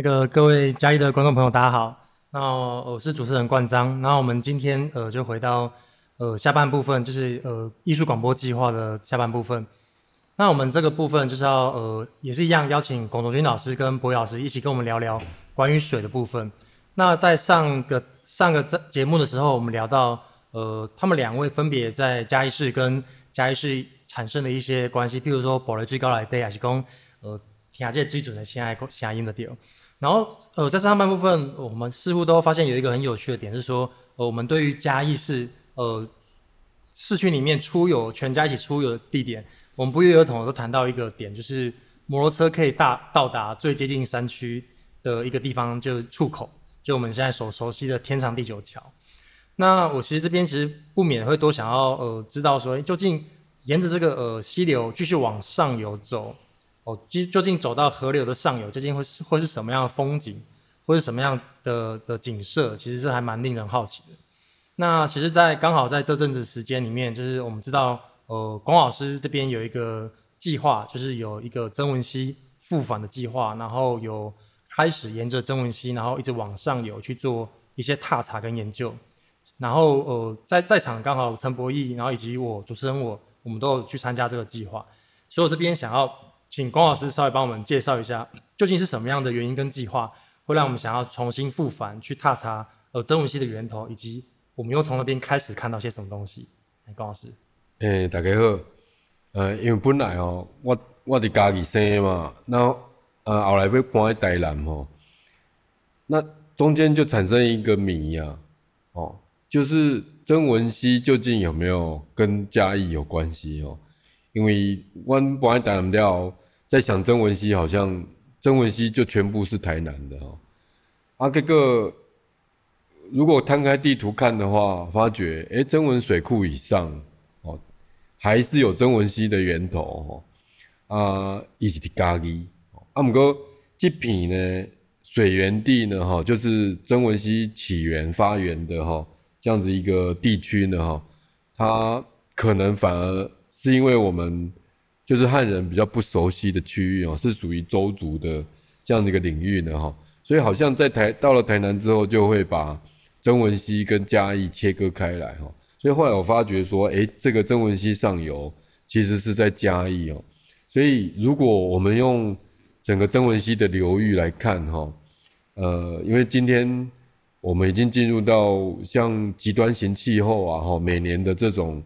那個各位嘉義的觀眾朋友，大家好。那我是主持人冠彰。那我們今天呃就回到呃下半部分，就是呃藝術廣播計劃的下半部分。那我們這個部分就是要呃也是一樣邀請龔卓軍老師跟伯義老師一起跟我們聊聊關於水的部分。那在上個上個節目的時候，我們聊到呃他們兩位分別在嘉義市跟嘉義市產生的一些關係，譬如說伯義最高來地也是講呃聽這最準的聲愛聲音的對。然後，呃，在上半部分，我們似乎都發現有一個很有趣的點，是說，呃，我們對於嘉義市，呃，市區裡面出遊全家一起出遊的地點，我們不約而同都談到一個點，就是摩托車可以大到達最接近山區的一個地方，就是觸口，就我們現在所熟、熟悉的天長地久橋。那我其實這邊其實不免會多想要，呃，知道說，究竟沿着這個呃溪流繼續往上游走。哦，究竟走到河流的上游，究竟會是會是什麼樣的風景，或者什麼樣的的景色，其實是還蠻令人好奇的。那其實在，在剛好在這陣子時間裡面，就是我們知道，呃，龔老師這邊有一個計劃，就是有一個曾文溪複返的計劃，然後有開始沿着曾文溪，然後一直往上游去做一些踏查跟研究。然後，呃，在在場剛好陳伯義，然後以及我主持人我，我們都有去參加這個計劃，所以我這邊想要。請龔老師稍微幫我們介紹一下，究竟是什麼樣的原因跟計劃，會讓我們想要重新復返去踏查呃曾文溪的源頭，以及我們又從那邊開始看到些什麼東西？哎，龔老師，哎、欸，大家好，呃，因為本來哦，我我家的嘉義生嘛，那呃後來被搬去台南哦，那中間就產生一個謎啊，哦，就是曾文溪究竟有沒有跟嘉義有關係哦？因為我本來在在想曾文溪好像曾文溪就全部是台南的哈、啊，啊，結、這、果、個、如果攤開地圖看的話，發覺哎，曾文水庫以上哦，還是有曾文溪的源頭哦，啊，一級的咖喱，啊，唔哥，這片呢水源地呢哈、哦，就是曾文溪起源發源的哈、哦，這樣子一個地區呢哈，它可能反而。是因為我們就是漢人比較不熟悉的區域，哦，是屬於鄒族的這樣的一個領域呢哈、哦，所以好像在台到了台南之後，就會把曾文溪跟嘉義切割開來哈、哦，所以後來我發覺說，誒，這個曾文溪上游其實是在嘉義哦，所以如果我們用整個曾文溪的流域來看哈、哦，呃，因為今天我們已經進入到像極端型氣候啊哈，每年的這種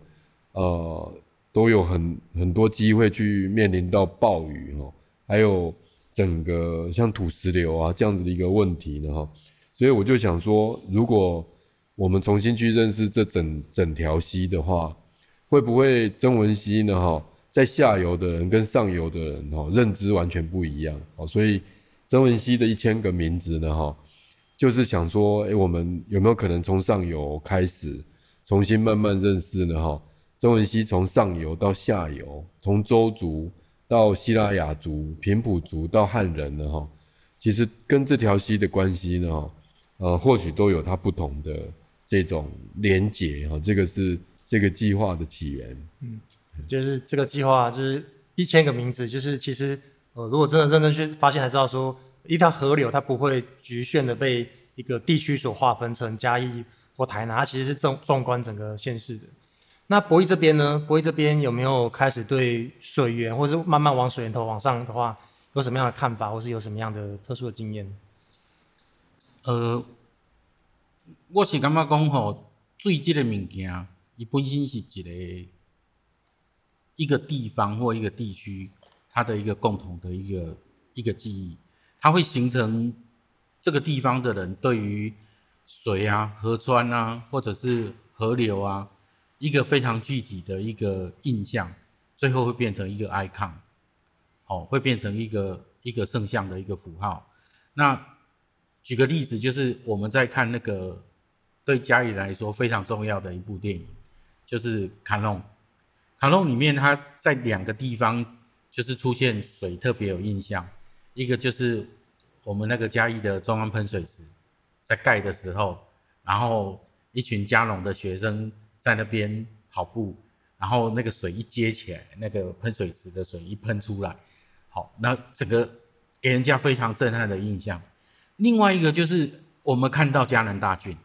呃。都有很很多機會去面臨到暴雨哦，還有整個像土石流啊這樣子的一個問題呢哈，所以我就想說，如果我們重新去認識這整整條溪的話，會不會曾文溪呢哈，在下游的人跟上游的人哈認知完全不一樣，所以曾文溪的一千個名字呢哈，就是想說，誒，我們有沒有可能從上游開始重新慢慢認識呢哈？曾文溪從上游到下游，從鄒族到西拉雅族、嗯、平埔族到漢人呢，哈，其實跟這條溪的關係呢，呃，或許都有它不同的這種連結，哈，這個是這個計劃的起源，嗯，就是這個計劃就是一千個名字，就是其實呃，如果真的認真去發現，才知道說一條河流它不會局限的被一個地區所劃分成嘉義或台南，它其實是縱縱觀整個縣市的。那伯義這邊呢？伯義這邊有沒有開始對水源，或是慢慢往水源頭往上的話，有什麼樣的看法，或是有什麼樣的特殊的經驗？呃，我是感覺講吼，水這個物件，你本身是一個一個地方或一個地區它的一個共同的一個一個記憶，它會形成這個地方的人對於水啊、河川啊，或者是河流啊。一個非常具體的一個印象，最後會變成一個 icon，哦，會變成一個一個聖像的一個符號。那舉個例子，就是我們在看那個對嘉義來說非常重要的一部電影，就是《KANO》。《KANO》裡面，它在兩個地方就是出現水特別有印象，一個就是我們那個嘉義的中央噴水池，在蓋的時候，然後一群嘉農的學生。在那邊跑步，然後那個水一接起來，那個噴水池的水一噴出來，好，那整個給人家非常震撼的印象。另外一個就是我們看到嘉南大圳，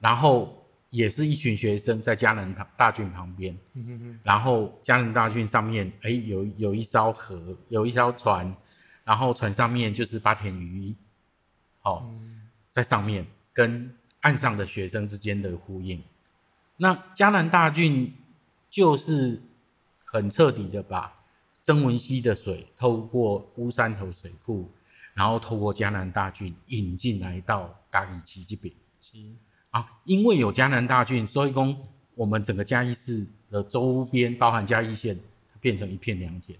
然後也是一群學生在嘉南大圳旁邊，嗯、哼哼，然後嘉南大圳上面，哎，有有一艘河，有一艘船，然後船上面就是八田魚，好、哦，嗯、在上面跟岸上的學生之間的呼應。那嘉南大圳，就是很徹底的把曾文溪的水透過烏山頭水庫，然後透過嘉南大圳引進來到嘉義市這邊。是啊，因為有嘉南大圳，所以說我們整個嘉義市的周邊，包含嘉義縣，變成一片良田。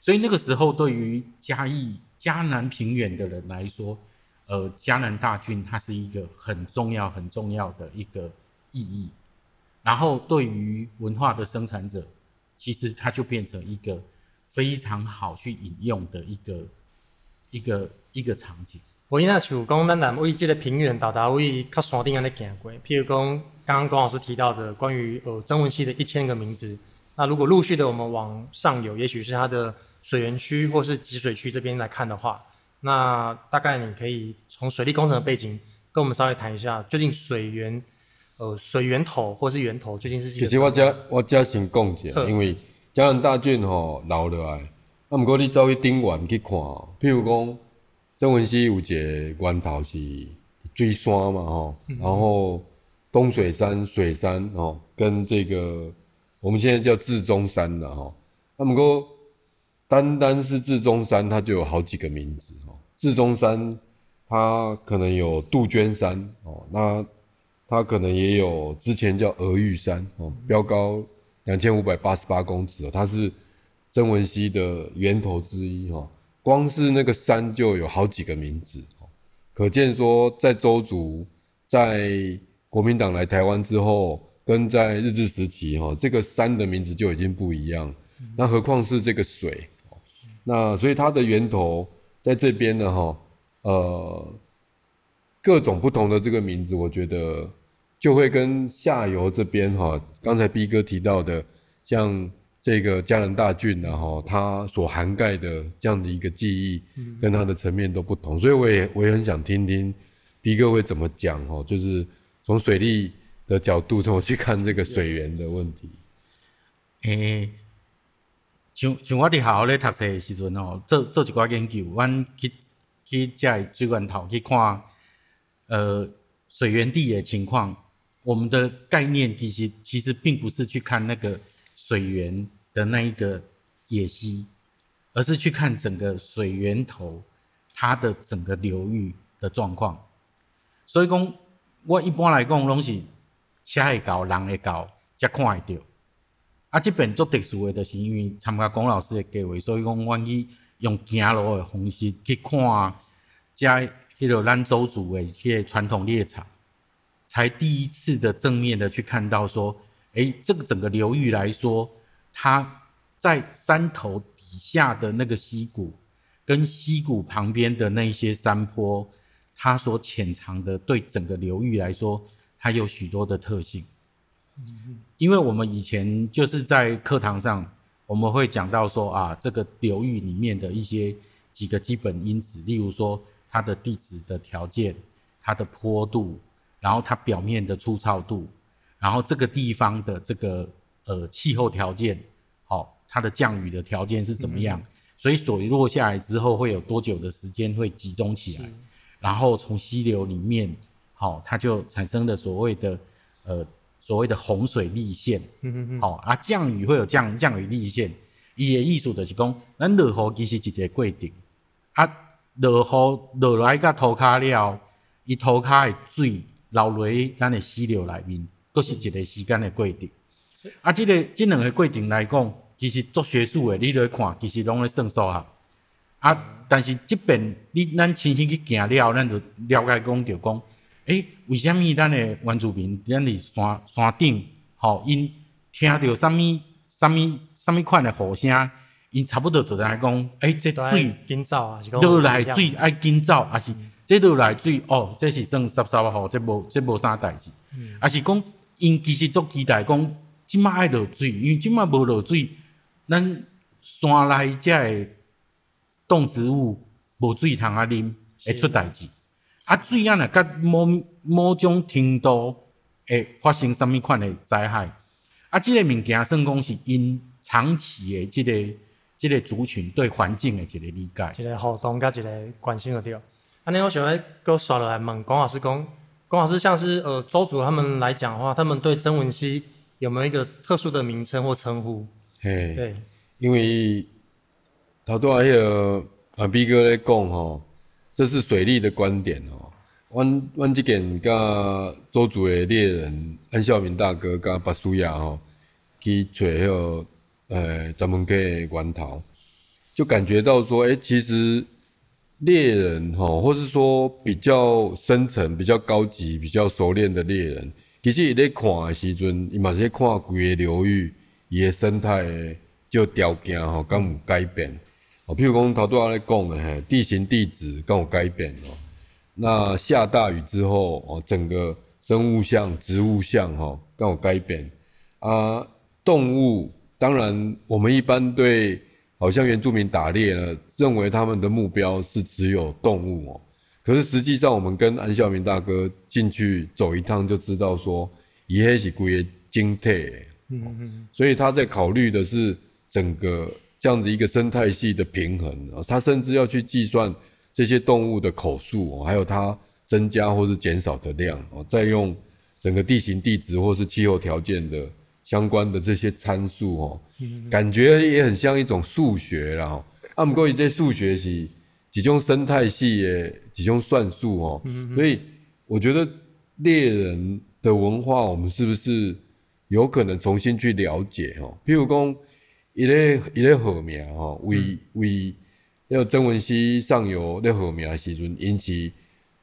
所以那個時候，對於嘉義嘉南平原的人來說，呃，嘉南大圳它是一個很重要很重要的一個意義。然後，對於文化的生產者，其實它就變成一個非常好去引用的一個、一個、一個場景。我因阿想講，咱南威這個平原到達威，卡山頂安尼行過。譬如講，剛剛龔老師提到的關於呃曾，哦，文溪的一千個名字，那如果陸續的我們往上游，也許是它的水源區或是集水區這邊來看的話，那大概你可以從水利工程的背景跟我們稍微談一下，究竟水源。呃，水源頭或者是源頭，最近是其實我家我只先講一下，好因為嘉南大圳吼留落來，啊，不過你稍微頂完去看、喔，譬如說曾、嗯、文溪有一個源頭是水山嘛吼、喔，嗯、然後東水山、水山吼、喔，跟這個我們現在叫志中山的，吼，啊，不過單單是志中山它就有好幾個名字吼、喔，志中山它可能有杜鵑山哦、喔，那。它可能也有之前叫兒玉山哦，標高兩千五百八十八公尺哦，它是曾文溪的源頭之一哦，光是那個山就有好幾個名字哦，可見說在鄒族，在國民黨來台灣之後，跟在日治時期哈、哦，這個山的名字就已經不一樣。嗯、那何況是這個水、哦，那所以它的源頭在這邊呢哈、哦，呃，各種不同的這個名字，我覺得。就會跟下游這邊哈、喔，剛才 B 哥提到的，像這個嘉南大圳吶、啊喔、它所涵蓋的這樣的一個記憶，跟它的層面都不同，嗯、所以我也我也很想聽聽 B 哥會怎麼講、喔、就是從水利的角度怎麼去看這個水源的問題。誒、欸，像像我哋好好咧讀冊時陣、喔、做做一寡研究，我去去在水源頭去看，呃，水源地的情況。我們的概念其實其實並不是去看那個水源的那一個野溪，而是去看整個水源頭它的整個流域的狀況。所以講，我一般來講攏是車會到人會到才看得到。啊，這邊做特殊的，就是因為參加龔老師的計劃，所以講，我去用走路的方式去看，加、那、迄個咱鄒族的些傳統獵場。才第一次的正面的去看到說，誒這個整個流域來說，它在山頭底下的那個溪谷，跟溪谷旁邊的那些山坡，它所潛藏的對整個流域來說，它有許多的特性。嗯、哼因為我們以前就是在課堂上，我們會講到說啊，這個流域裡面的一些幾個基本因子，例如說它的地質的條件，它的坡度。然後它表面的粗糙度，然後這個地方的這個呃氣候條件，好、哦，它的降雨的條件是怎麼樣？嗯、哼所以水落下來之後會有多久的時間會集中起來？是然後從溪流裡面，好、哦，它就產生了所謂的呃所謂的洪水歷線。嗯嗯嗯。好、哦，啊，降雨會有降雨降雨歷線。也個意思就是講，那落雨其實是一個過程，啊，落雨落來到土卡了，伊土卡的水。流落，咱的溪流內面，閣是一個時間的過程。是啊，即、這個即兩個過程來講，其實做學術的你來看，其實攏咧算數啊。啊，但是即邊你咱親身去行了後，咱就了解講着講，誒，為什物咱的原住民，咱佇山山頂，吼、哦，因聽到什物什物什物款的吼聲，因差不多就知影講，誒，即水緊走是講落來水愛、嗯、緊走，還是？嗯這落來水哦，這是算啥啥啊？好，這無這無啥代志。嗯，啊，是講因其實足期待講今麥愛落水，因為今麥無落水，咱山內只的動植物無水通啊啉會出代志。是的啊，水啊，呢，甲某某種程度會發生什麼款的災害？啊，這個物件算講是因長期的這個這個族群對環境的一個理解，一個互動加一個關心的對了。按呢，我想欲閣紲落來問龔老師講，龔老師像是呃，鄒族他們來講的話，他們對曾文溪有沒有一個特殊的名稱或稱呼？嘿，對，因為頭拄阿迄個啊，B 哥咧講吼，這是水利的觀點哦。阮阮即件甲鄒族的獵人安孝明大哥甲巴蘇亞吼，去找迄、那個呃，曾文溪的源頭，就感覺到說，誒、欸，其實。獵人吼，或是說比較深層、比較高級、比較熟練的獵人，其實你看的時陣，伊嘛是看規個流域，伊的生態的條件吼，敢有改變？比譬如講頭段我咧講的地形地質敢有改變？那下大雨之後，整個生物相、植物相吼，敢有改變？啊，動物當然，我們一般對。好像原住民打獵了，認為他們的目標是只有動物哦、喔。可是實際上，我們跟安孝明大哥進去走一趟，就知道說，伊黑是古精特，嗯嗯。所以他在考慮的是整個這樣子一個生態系的平衡啊、喔。他甚至要去計算這些動物的口數、喔，還有它增加或是減少的量、喔、再用整個地形地質或是氣候條件的。相關的這些參數哦，感覺也很像一種數學了吼。阿們各位，這數學是幾種生態系的幾種算數哦，所以我覺得獵人的文化，我們是不是有可能重新去了解哦、喔？譬如講，一個一個河名哦，為為要曾文溪上游的河名時陣，引起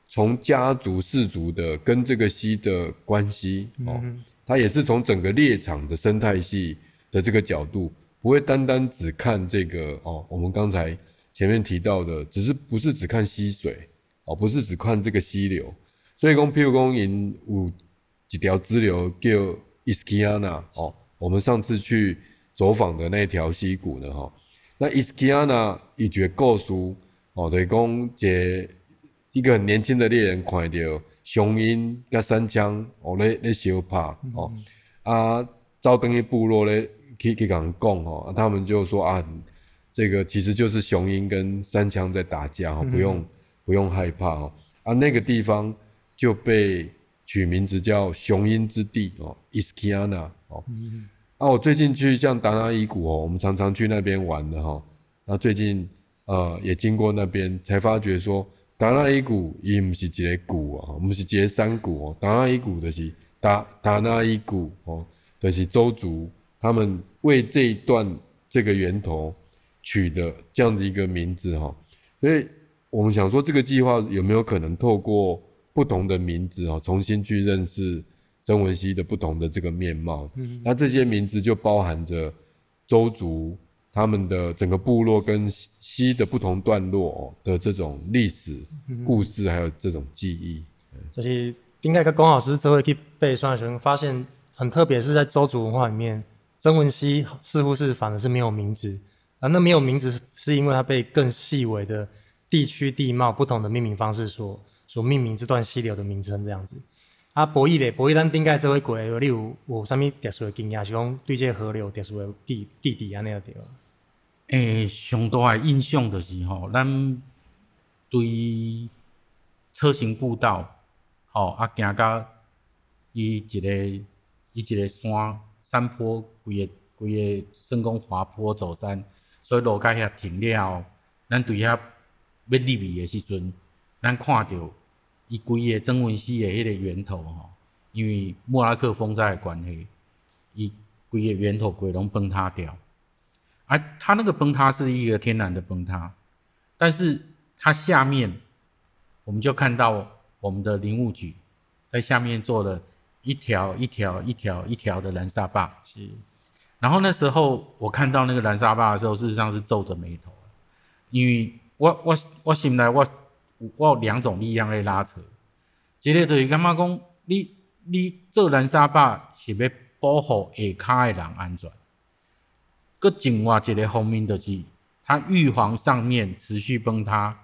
從家族氏族的跟這個溪的關係哦。它也是從整個獵場的生態系的這個角度，不會單單只看這個哦。我們剛才前面提到的，只是不是只看溪水哦，不是只看這個溪流。所以講，譬如講，因有幾條支流叫 Iskiana 哦。我們上次去走訪的那條溪谷呢，哈，那 Iskiana 一決夠熟哦，等於講，一個很年輕的獵人看到。熊鷹跟山羌、喔，哦，咧咧相拍哦，嗯嗯啊，招登一部落咧去去講講哦，他們就說啊，這個其實就是熊鷹跟山羌在打架哦、喔，嗯、哼不用不用害怕哦、喔，啊，那個地方就被取名字叫熊鷹之地哦、喔、Iskiana 哦，啊，我最近去像達娜伊谷、喔，哦，我們常常去那邊玩的哈、喔，那最近呃也經過那邊才發覺說。達娜伊谷伊唔是一谷哦，啊，唔是一個山谷哦。達娜伊谷就是達達娜伊谷哦，就是鄒族他們為這一段這個源頭取的這樣的一個名字哈、哦。所以我們想說，這個計劃有沒有可能透過不同的名字哦，重新去認識曾文溪的不同的這個面貌？嗯，那這些名字就包含着鄒族。他們的整個部落跟溪的不同段落的這種歷史故事，還有這種記憶，所以、嗯哼嗯、丁該跟龔老師這位去被誦的時候，發現很特別，是在鄒族文化裡面，曾文溪似乎是反而是沒有名字。啊，那沒有名字是是因為他被更細微的地區地貌不同的命名方式所所命名這段溪流的名稱這樣子。啊，伯義的伯義，咱丁凱這位鬼，來，有有啥物特殊的經驗，是講對接河流特殊的地地點啊那個誒，上大的印象就是吼、哦，咱對車行步道吼、哦，啊行到伊一個伊一個山山坡，規個規個算講滑坡走山，所以路甲遐停了後，咱對遐要入去的時陣，咱看着伊規個曾文溪的迄個源頭吼、哦，因為莫拉克風災的關係，伊規個源頭規攏崩塌掉。啊，它那個崩塌是一個天然的崩塌，但是它下面我們就看到我們的林務局在下面做了一條一條一條一條，一條的攔沙壩。是，然後那時候我看到那個攔沙壩的時候，事實上是皺着眉頭，因為我我我醒來，我我，我，我有兩種力量在拉扯，一個就是感覺講，你你做攔沙壩是要保護下卡的人安全。一個井挖解來轟鳴的機，它，玉皇，上面持續崩塌，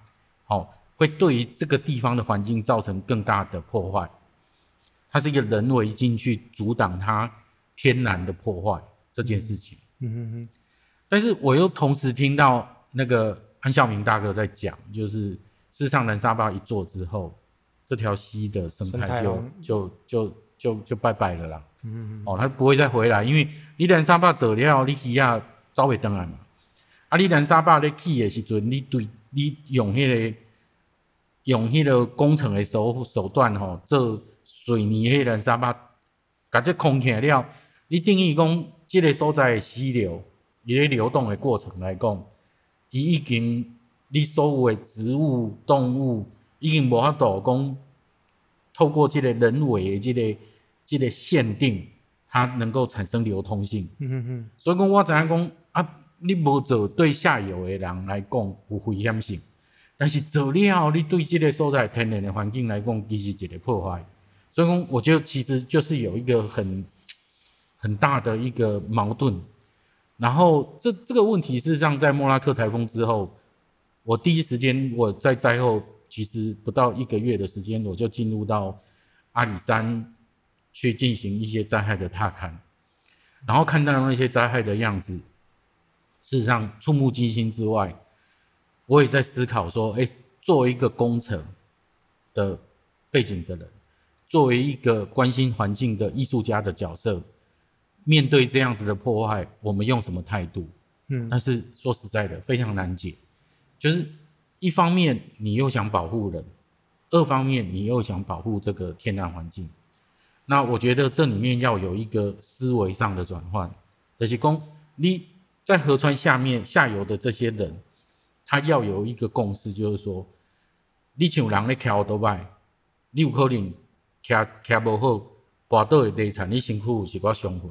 好、哦，會對於這個地方的環境造成更大的破壞。它是一個人為進去阻擋它天然的破壞，嗯、這件事情。嗯嗯嗯。嗯嗯嗯，但是我又同時聽到那個安孝明大哥在講，就是世上南沙壩一做之後，這條溪的生態就生就就就就，就拜拜了啦。嗯，嗯，哦，他不會再回來，因為你攔沙壩做了，你魚仔走袂轉來嘛。啊，你攔沙壩咧起誒時陣，你對你用迄、那個用迄個工程誒手手段吼、哦，做水泥迄個攔沙壩，甲只空起來了，你定義講，即個所在誒溪流，伊、這、咧、個、流動誒過程來講，伊已經你所有誒植物、動物已經無法度講透過即個人為誒即、這個。這個限定，它能夠產生流通性。嗯嗯嗯。所以講，我只講講啊，你不走對下游的人來講有危險性，但是走了你對這個所在天然的環境來講其實是一個破壞。所以我覺得其實就是有一個很很大的一個矛盾。然後這，這這個問題事實上在莫拉克颱風之後，我第一時間，我在災後其實不到一個月的時間，我就進入到阿里山。去進行一些災害的踏勘，然後看到那些災害的樣子，事實上觸目驚心之外，我也在思考說，哎、欸，作為一個工程的背景的人，作為一個關心環境的藝術家的角色，面對這樣子的破壞，我們用什麼態度？嗯，但是說實在的，非常難解，就是一方面你又想保護人，二方面你又想保護這個天然環境。那我覺得這裡面要有一個思維上的轉換，就是說你在河川下面下游的這些人，他要有一個共識，就是說，你像人咧跳多擺，你有可能徛徛不好，跌倒的地產，你辛苦死不要生活。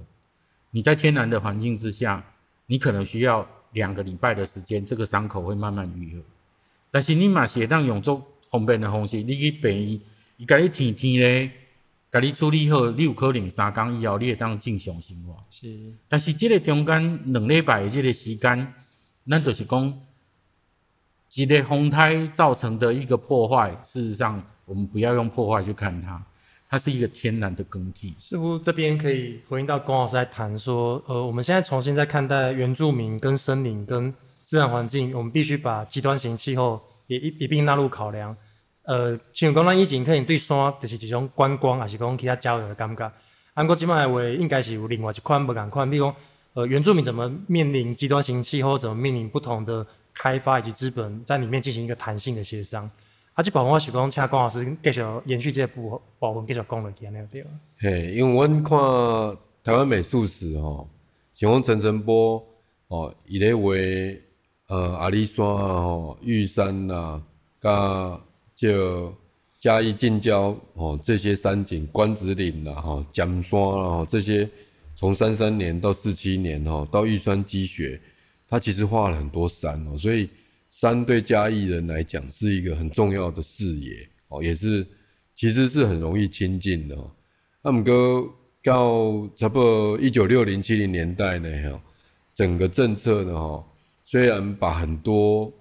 你在天然的環境之下，你可能需要兩個禮拜的時間，這個傷口會慢慢癒合。但是你嘛是會當用足方便的方式，你去陪伊，伊家己天天咧。甲你處理好，你有可能三工以後你會當正常生活。是，但是這個中間兩禮拜的這個時間，那就是講，這個風颱造成的一個破壞，事實上我們不要用破壞去看它，它是一個天然的更替。似乎這邊可以回應到龔老師在談說，呃，我們現在重新在看待原住民跟森林跟自然環境，我們必須把極端型氣候也一一,一併納入考量。呃，像講咱以前可能對山，就是一種觀光，還是講其他郊遊的感覺。啊，佮即擺的話，應該是有另外一款不共款，比如講，呃，原住民怎麼面臨極端型氣候，怎麼面臨不同的開發，以及資本在裡面進行一個彈性的協商。啊，即部分阮想講，請龔老師繼續延續這部部分，繼續講落去安尼個對。嘿，因為阮看台灣美術史吼、喔，像陳澄波哦，伊個畫，呃，阿里山啊、喔，玉山吶、啊，加。就嘉義近郊哦，這些山景，關子嶺啦、吼，尖山啊，這些，從三三年到四七年哦，到玉山積雪，他其實畫了很多山哦，所以山對嘉義人來講是一個很重要的視野哦，也是其實是很容易親近的哦。那麼到差不多一九六零七零年代呢，整個政策呢，吼，雖然把很多。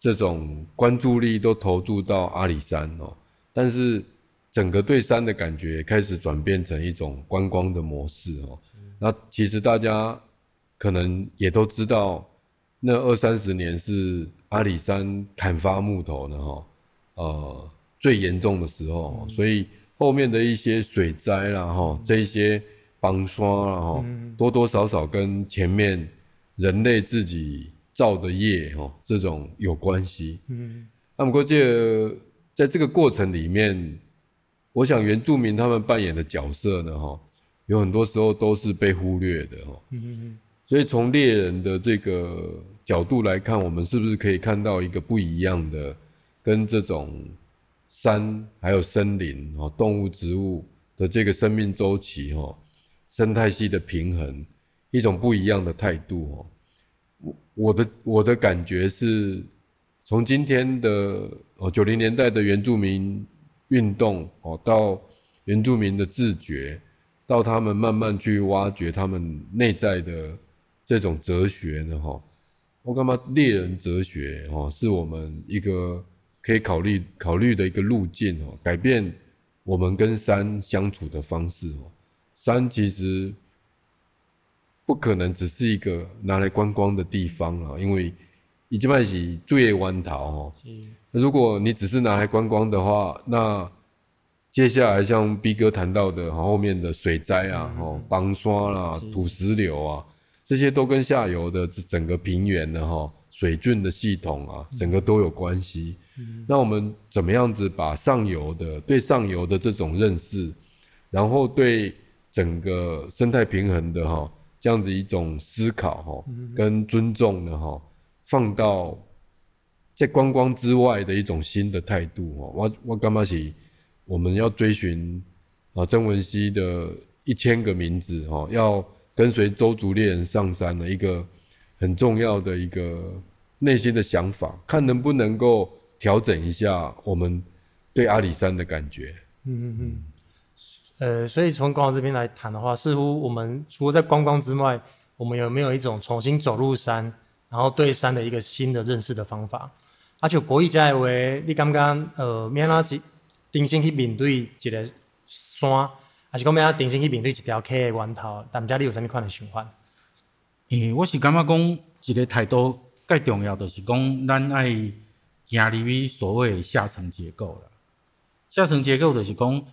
這種關注力都投注到阿里山哦、喔，但是整個對山的感覺開始轉變成一種觀光的模式哦、喔。是那其實大家可能也都知道，那二三十年是阿里山砍伐木頭的哦、喔，呃，最嚴重的時候、喔，所以後面的一些水災啦、喔嗯、這些崩刷啦、喔嗯、多多少少跟前面人類自己。造的業、喔，哦，這種有關係。嗯，那麼估計在這個過程裡面，我想原住民他們扮演的角色呢、喔，吼，有很多時候都是被忽略的、喔，吼、嗯嗯嗯。所以從獵人的這個角度來看，我們是不是可以看到一個不一樣的，跟這種山還有森林、喔、吼動物、植物的這個生命週期、喔、生態系的平衡，一種不一樣的態度、喔。我的我的感覺是，從今天的哦九零年代的原住民運動哦，到原住民的自覺，到他們慢慢去挖掘他們內在的這種哲學呢哈，我覺得獵人哲學哈，是我們一個可以考慮考慮的一個路徑哦，改變我們跟山相處的方式哦，山其實。不可能只是一個拿來觀光的地方啊，因為伊濟麥喜晝夜彎桃哦。嗯是。如果你只是拿來觀光的話，那接下來像伯哥談到的後面的水災啊、吼、嗯喔、刷啊、啦、嗯、土石流啊，這些都跟下游的整個平原的、喔、哈水圳的系統啊，整個都有關係。嗯、那我們怎麼樣子把上游的對上游的這種認識，然後對整個生態平衡的哈、喔？這樣子一種思考、喔、跟尊重的哈、喔，放到在觀光，光之外的一種新的態度、喔、我我嘛起，我們要追尋啊曾文溪的一千個名字、喔、要跟隨鄒族獵人上山的一個很重要的一個內心的想法，看能不能夠調整一下我們對阿里山的感覺。嗯哼哼呃，所以從觀光這邊來談的話，似乎我們除了在觀光，光之外，我們有沒有一種重新走入山，然後對山的一個新的認識的方法？啊，就伯義家的話，你感覺呃，要按怎重新去面對一個山，還是講要按怎，重新去面對一條溪的源頭？但毋知你有啥物款的想法？誒、欸，我是感覺講一個態度，介重要，就是講咱要行入去所謂下層結構了。下層結構，就是講。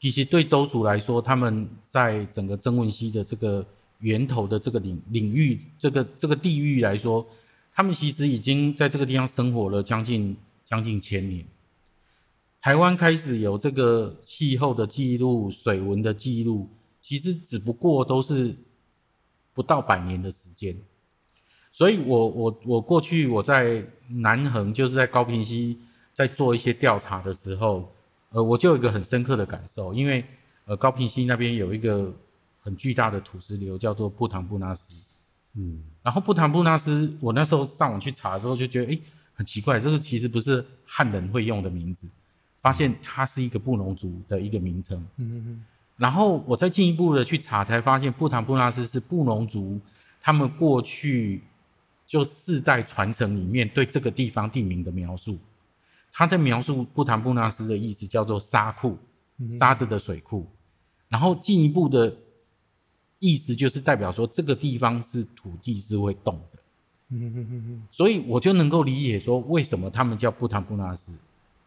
其實對鄒族來說，他們在整個曾文溪的這個源頭的這個領領域、這個這個地域來說，他們其實已經在這個地方生活了將近將近千年。台灣開始有這個氣候的記錄、水文的記錄，其實只不過都是不到百年的時間。所以我，我我我過去我在南橫，就是在高屏溪在做一些調查的時候。呃，我就有一個很深刻的感受，因為呃，高屏溪那邊有一個很巨大的土石流，叫做布唐布納斯。嗯，然後布唐布納斯，我那時候上網去查的時候就覺得，哎，很奇怪，這個其實不是漢人會用的名字，發現它是一個布農族的一個名稱。嗯嗯。然後我再進一步的去查，才發現布唐布納斯是布農族他們過去就世代傳承裡面對這個地方地名的描述。他在描述布坦布納斯的意思叫做沙庫，沙子的水庫，嗯、然後進一步的意思就是代表說這個地方是土地是會動的，嗯、所以我就能夠理解說為什麼他們叫布坦布納斯，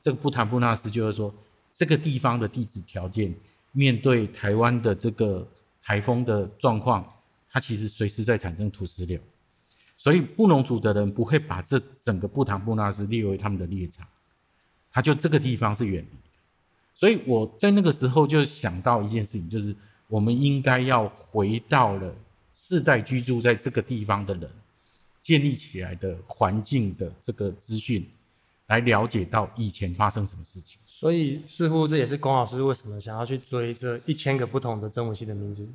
這個布坦布納斯就是說這個地方的地質條件面對台灣的這個颱風的狀況，它其實隨時在產生土石流，所以布農族的人不會把這整個布坦布納斯列為他們的獵場。他就這個地方是遠離的，所以我在那個時候就想到一件事情，就是我們應該要回到了世代居住在這個地方的人建立起來的環境的這個資訊，來了解到以前發生什麼事情，嗯。所以似乎這也是龔老師為什麼想要去追這一千個不同的曾文溪的名字，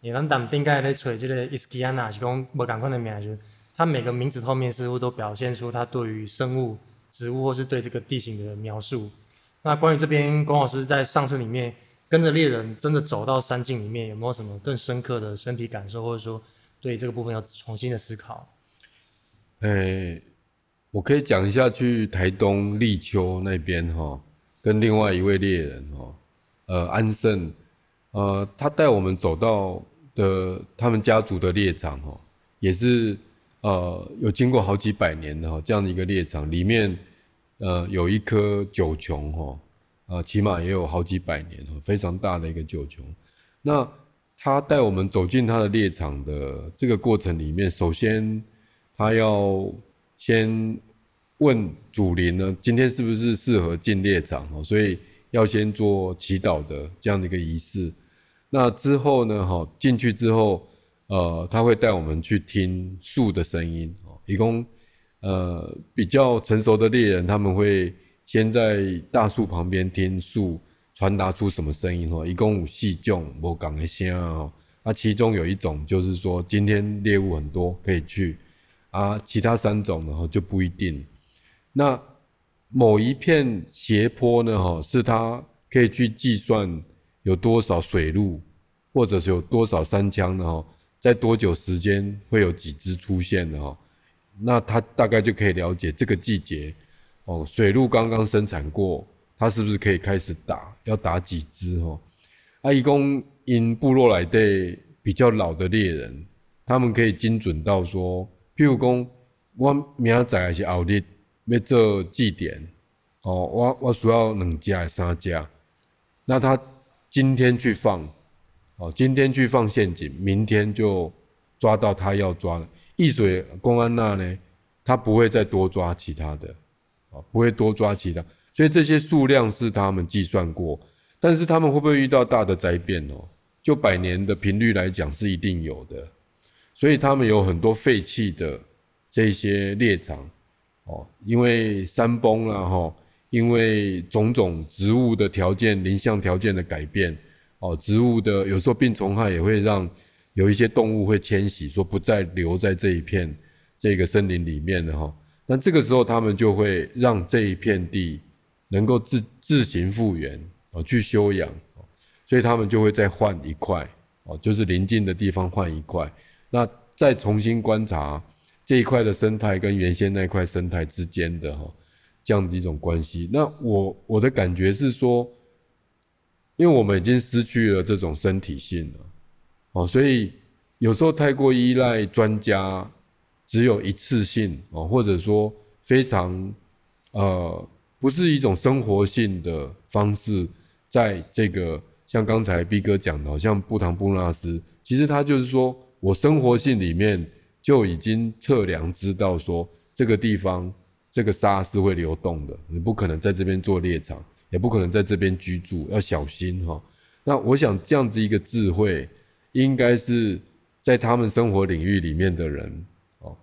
也咱但定蓋咧找這個 Iskiana、e、是講無敢昆的名，是他每個名字後面似乎都表現出他對於生物。植物，或是對這個地形的描述。那關於這邊龔老師在上次裡面跟着獵人真的走到山境裡面，有沒有什麼更深刻的身體感受，或者說對這個部分要重新的思考？誒、欸，我可以講一下去台東立秋那邊哈、哦，跟另外一位獵人哈、哦，呃安盛，呃他帶我們走到的他們家族的獵場哦，也是。呃，有經過好幾百年的，哦、哈，這樣的一個獵場裡面，呃，有一棵九芎哈、哦、呃、啊，起碼也有好幾百年，哦、非常大的一個九芎。那他帶我們走進他的獵場的這個過程裡面，首先他要先問祖靈呢，今天是不是適合進獵場，哦、所以要先做祈禱的這樣的一個儀式。那之後呢，哈、哦，進去之後，呃，他會帶我們去聽樹的聲音哦。一共，呃，比較成熟的獵人，他們會先在大樹旁邊聽樹傳達出什麼聲音哦。一共有四種不同的聲哦。那其中有一種就是說，今天獵物很多，可以去啊。其他三種呢，就不一定。那某一片斜坡呢，哈，是它可以去計算有多少水路，或者是有多少山羌的哈。在多久時間會有幾隻出現的哈？那他大概就可以了解這個季節哦，水鹿剛剛生產過，他是不是可以開始打？要打幾隻哈？啊、他一共因部落來的比較老的獵人，他們可以精準到說，譬如講，我明仔還是後日要做祭典哦，我我需要兩家三家，那他今天去放。哦，今天去放陷阱，明天就抓到他要抓的。易水公安那、啊、呢，他不會再多抓其他的，啊，不會多抓其他。所以這些數量是他們計算過，但是他們會不會遇到大的災變哦？就百年的頻率來講是一定有的，所以他們有很多廢棄的這些獵場，哦，因為山崩了、啊、哈，因為種種植物的條件、林相條件的改變。哦，植物的有時候病蟲害也會讓有一些動物會遷徙，說不再留在這一片這個森林裡面了哈。那這個時候，他們就會讓這一片地能夠自自行復原哦，去休養，所以他們就會再換一塊哦，就是臨近的地方換一塊，那再重新觀察這一塊的生態跟原先那塊生態之間的哈這樣的一種關係。那我我的感覺是說。因為我們已經失去了這種身體性了，哦，所以有時候太過依賴專家，只有一次性哦，或者說非常呃，不是一種生活性的方式，在這個像剛才伯哥講的，好像布唐布納斯，其實他就是說我生活性裡面就已經測量知道說這個地方這個沙是會流動的，你不可能在這邊做獵場。也不可能在這邊居住，要小心哈、喔。那我想這樣子一個智慧，應該是在他們生活領域裡面的人，哦，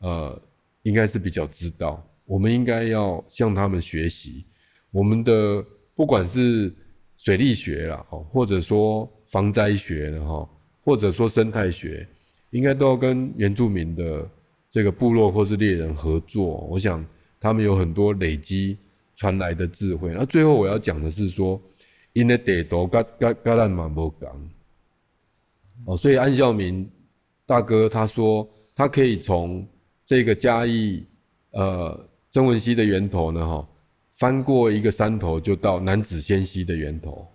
呃，應該是比較知道。我們應該要向他們學習。我們的不管是水利學啦，哦，或者說防災學啦，哈，或者說生態學，應該都要跟原住民的這個部落或是獵人合作。我想他們有很多累積。傳來的智慧。那、啊、最後我要講的是說，講。哦，所以安孝明大哥他說，他可以從這個嘉義，呃，曾文溪的源頭呢，哈、哦，翻過一個山頭就到楠梓仙溪的源頭，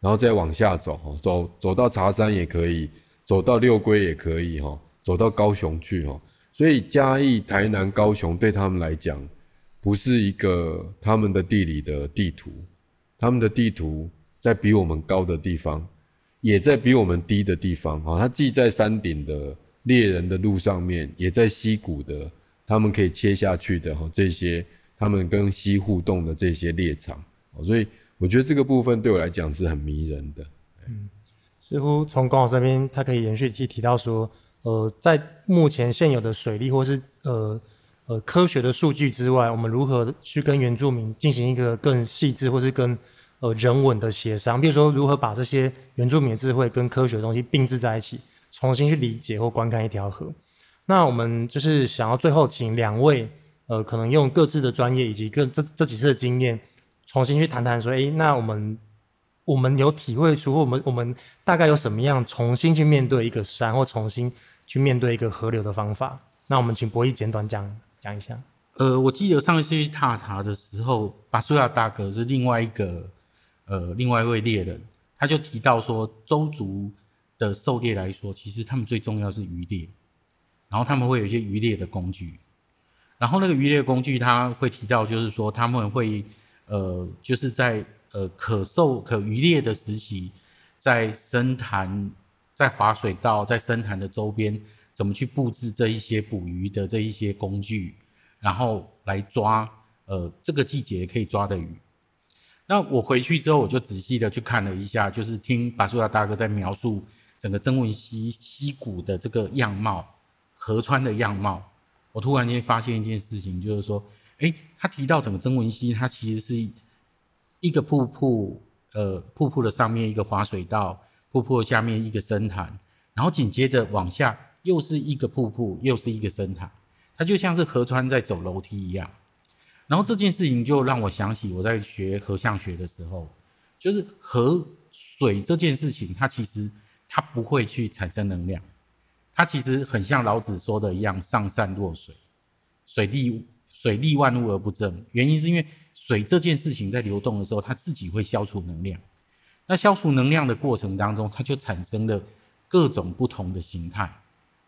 然後再往下走，走走到茶山也可以，走到六龜也可以，哈、哦，走到高雄去，哈、哦，所以嘉義、台南、高雄對他們來講。不是一個他們的地理的地圖，他們的地圖在比我們高的地方，也在比我們低的地方。哈、哦，它既在山頂的獵人的路上面，也在溪谷的他們可以切下去的哈、哦、這些，他們跟溪互動的這些獵場、哦。所以我覺得這個部分對我來講是很迷人的。嗯，似乎從龔老這邊，他可以延續去提到說，呃，在目前現有的水利或是呃。呃，科學的數據之外，我們如何去跟原住民進行一個更細緻，或是跟呃人文的協商？比如說，如何把這些原住民的智慧跟科學的東西並置在一起，重新去理解或觀看一條河？那我們就是想要最後請兩位，呃，可能用各自的專業以及各這這幾次的經驗，重新去談談說，哎、欸，那我們我們有體會出我們我們大概有什麼樣重新去面對一個山，或重新去面對一個河流的方法？那我們請伯義簡短講。講一下，呃，我記得上一次去踏查的時候，巴蘇亞大哥是另外一個，呃，另外一位獵人，他就提到說，鄒族的狩獵來說，其實他們最重要是漁獵，然後他們會有一些漁獵的工具，然後那個漁獵工具他會提到，就是說他們會，呃，就是在呃可狩可漁獵的時期，在深潭、在滑水道、在深潭的週邊，怎麼去布置這一些捕魚的這一些工具，然後來抓呃這個季節可以抓的魚。那我回去之後，我就仔細的去看了一下，就是聽巴蘇亞大哥在描述整個曾文溪溪谷的這個樣貌、河川的樣貌。我突然間發現一件事情，就是說，哎，他提到整個曾文溪，它其實是一個瀑布，呃，瀑布的上面一個滑水道，瀑布的下面一個深潭，然後緊接着往下。又是一個瀑布，又是一個深潭，它就像是河川在走樓梯一樣。然後這件事情就讓我想起我在學河相學的時候，就是河水這件事情，它其實它不會去產生能量，它其實很像老子說的一樣：上善若水，水利水利萬物而不爭。原因是因為水這件事情在流動的時候，它自己會消除能量。那消除能量的過程當中，它就產生了各種不同的形態。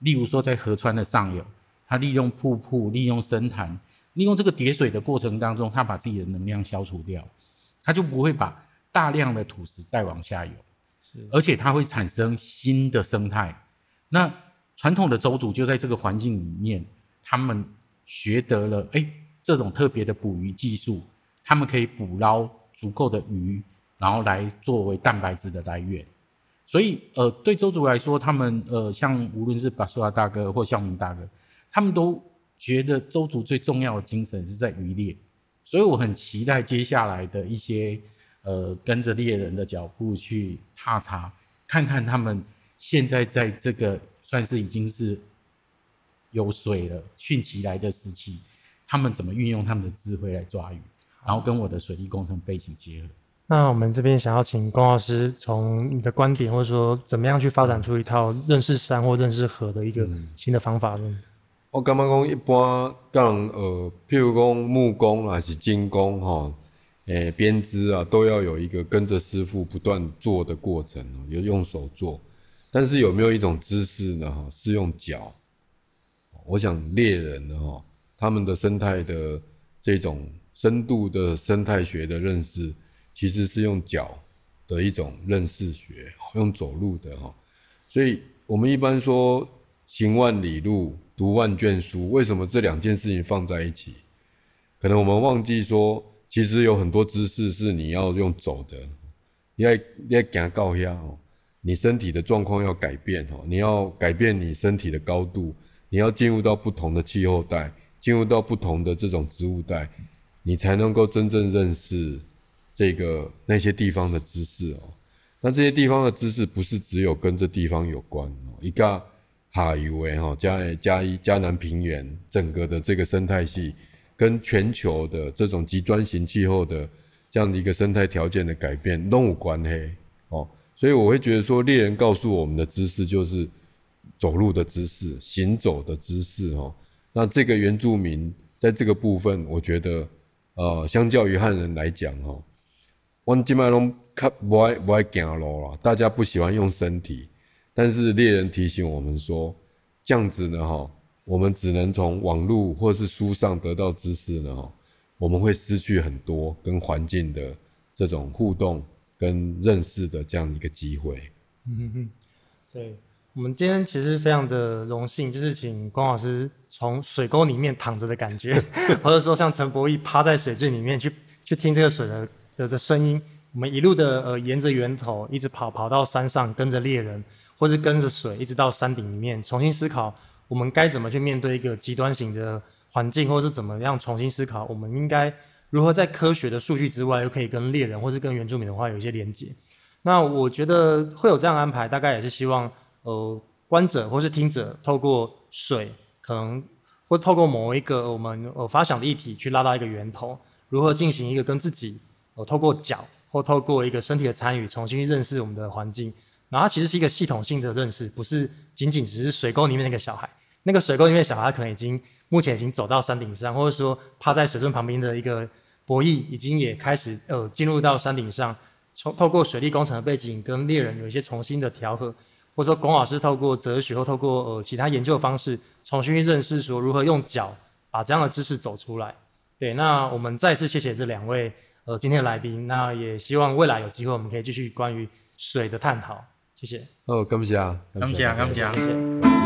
例如說，在河川的上游，它利用瀑布、利用深潭、利用這個疊水的過程當中，它把自己的能量消除掉，它就不會把大量的土石帶往下游。是的，而且它會產生新的生態。那傳統的鄒族就在這個環境裡面，他們學得了誒這種特別的捕魚技術，他們可以捕撈足夠的魚，然後來作為蛋白質的來源。所以，呃，對鄒族來說，他們，呃，像無論是巴蘇亞大哥或孝明大哥，他們都覺得鄒族最重要的精神是在漁獵。所以，我很期待接下來的一些，呃，跟着獵人的腳步去踏查，看看他們現在在這個算是已經是有水了，汛期來的時期，他們怎麼運用他們的智慧來抓魚，然後跟我的水利工程背景結合。那我們這邊想要請龔老師從你的觀點，或者說怎麼樣去發展出一套認識山或認識河的一個新的方法呢、嗯？我剛剛講一般講呃，譬如說木工還是金工哈，誒、呃、編織啊，都要有一個跟着師傅不斷做的過程，有用手做，但是有沒有一種知識呢？哈，是用腳？我想獵人呢，哈，他們的生態的這種深度的生態學的認識。其實是用腳的一種認識學，用走路的哈，所以我們一般說行萬里路，讀萬卷書。為什麼這兩件事情放在一起？可能我們忘記說，其實有很多知識是你要用走的，你要你要警告一下哦，你身體的狀況要改變哦，你要改變你身體的高度，你要進入到不同的氣候帶，進入到不同的這種植物帶，你才能夠真正認識這個那些地方的知識哦，那這些地方的知識不是只有跟這地方有關哦，一個哈維哈加加一嘉南平原整個的這個生態系跟全球的這種極端型氣候的這樣的一個生態條件的改變都有關嘿哦，所以我會覺得說，獵人告訴我們的知識就是走路的知識、行走的知識哦，那這個原住民在這個部分，我覺得呃，相較於漢人來講哦。我們現在攏較不愛不愛行路了，大家不喜歡用身體。但是獵人提醒我們說，這樣子呢，哈，我們只能從網絡或是書上得到知識呢，我們會失去很多跟環境的這種互動跟認識的這樣一個機會。嗯哼，對，我們今天其實非常的榮幸，就是請龔老師從水溝裡面躺着的感覺， 或者說像陳伯義趴在水圳裡面去去聽這個水的。的聲音，我們一路的呃沿着源頭一直跑，跑到山上，跟着獵人，或是跟着水，一直到山頂裡面，重新思考我們該怎麼去面對一個極端型的環境，或是怎麼樣重新思考我們應該如何在科學的數據之外，又可以跟獵人或是跟原住民的話有一些連接。那我覺得會有這樣安排，大概也是希望呃觀者或是聽者透過水，可能會透過某一個，呃，我們呃發想的議題去拉到一個源頭，如何進行一個跟自己。我透過腳，或透過一個身體的參與，重新去認識我們的環境。然後它其實是一個系統性的認識，不是僅僅只是水溝裡面那個小孩。那個水溝裡面的小孩可能已經目前已經走到山頂上，或者說趴在水圳旁邊的一個博弈，已經也開始呃進入到山頂上。從透過水利工程的背景，跟獵人有一些重新的調和，或者說龔老師透過哲學或透過呃其他研究方式，重新去認識說如何用腳把這樣的知識走出來。對，那我們再次謝謝這兩位。今天的來賓，那也希望未來有機會，我們可以繼續關於水的探討。謝謝。哦，感謝啊，感謝啊，感謝。感謝，感謝，謝謝。